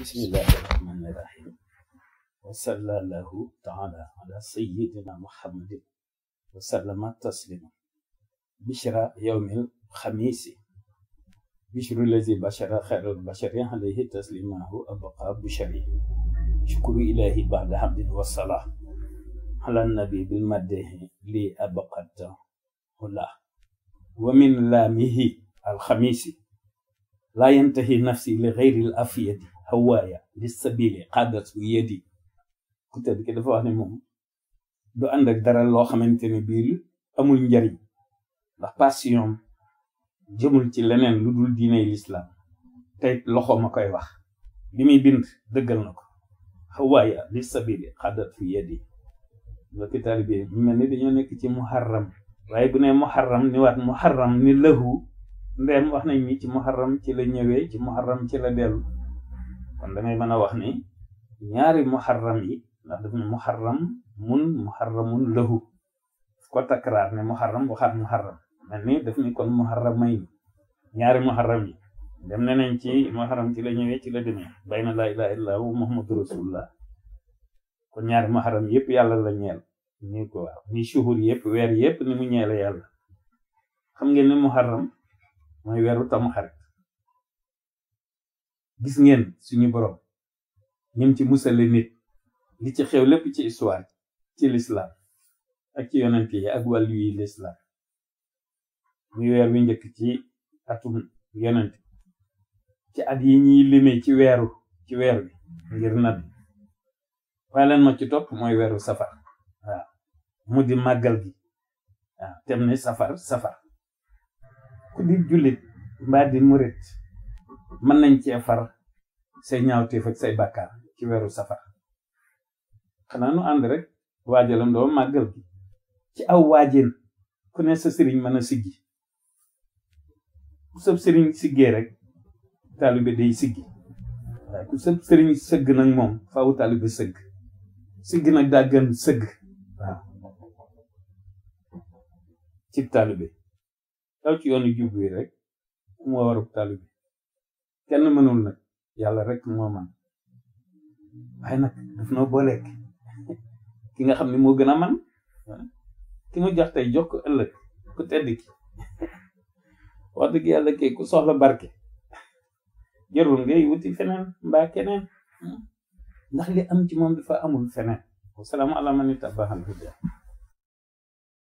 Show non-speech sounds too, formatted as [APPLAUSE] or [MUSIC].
بسم الله الرحمن الرحيم وصلى الله تعالى على سيدنا محمد وسلم تسليما بشرى يوم الخميس بشر الذي بشر خير البشر عليه تسليمه أبقى بشري شكر اله بعد حمد والصلاة على النبي بالمده لي ابقى هلا ومن لامه الخميس لا ينتهي نفسي لغير الأفيد هواية للسبيل قادت يدي côté bi ki dafa wax ne moom du ànd ak dara loo xamante ne biir amul njariñ ndax passion jëmul ci leneen lu dul diiney lislaam tey loxo ma koy wax bi muy bind dëggal na ko xawaaya li sabili xadat fi yadi laki taalibe bi mel ni dañoo nekk ci muharram waaye bu ne muharram ni waat muharram ni lëhu ndeem wax nañ ni ci muharram ci la ñëwee ci muharram ci la dellu kon da ngay mën a wax ni ñaari muharram yi ndax daf ne muharram mun muharramun lahu ko takraar ne muharram waxaat muharram mel ni def ni kon muharramay ñaari muharram yi dem ne nañ ci muharram ci la ñëwee ci la demee bay na laa ilaha illa hu muhammadu rasulullah kon ñaari muharram yëpp yàlla la ñeel ni ko waaw shuhur yëpp weer yëpp ni mu ñeele yàlla xam ngeen ne muharram mooy weeru tamxarit gis ngeen suñu borom ñim ci musale nit li ci xew lepp ci histoire ci l'islam ak ci yonent yi ak wàllu yi l'islam muy weer wi ñëk ci atum yonent ci at yi ñi limé ci weeru ci bi ngir nat ma ci top moy safar wa mudi di gi waaw safar safar ku di julit di mën nañ cee far say ñaawteef ak say bàkkaar ci weeru safar xanaa nu ànd rek waajalandoo màggal gi ci aw waajin ku ne sa sëriñ mën a siggi ku sab sëriñ siggee rek taalibe day siggi ku sab sëriñ sëgg nag moom faaw taalibe sëgg sigg nag daa gën sëgg waaw ci taalibe daw ci yoonu jub wi rek moo waruk taalibe kenn mënul nag yàlla rek moo man waaye nag daf noo booleeg [LAUGHS] ki nga xam ne moo gën a man ah, ki mu jox tey jox ko ëllëg ku tedd ki [LAUGHS] wax dëgg yàlla kay ku soxla barke [LAUGHS] jarul ngay wuti feneen mbaa keneen ah. ndax li am ci moom dafa amul feneen wasalaamu ala man ittabaxal huda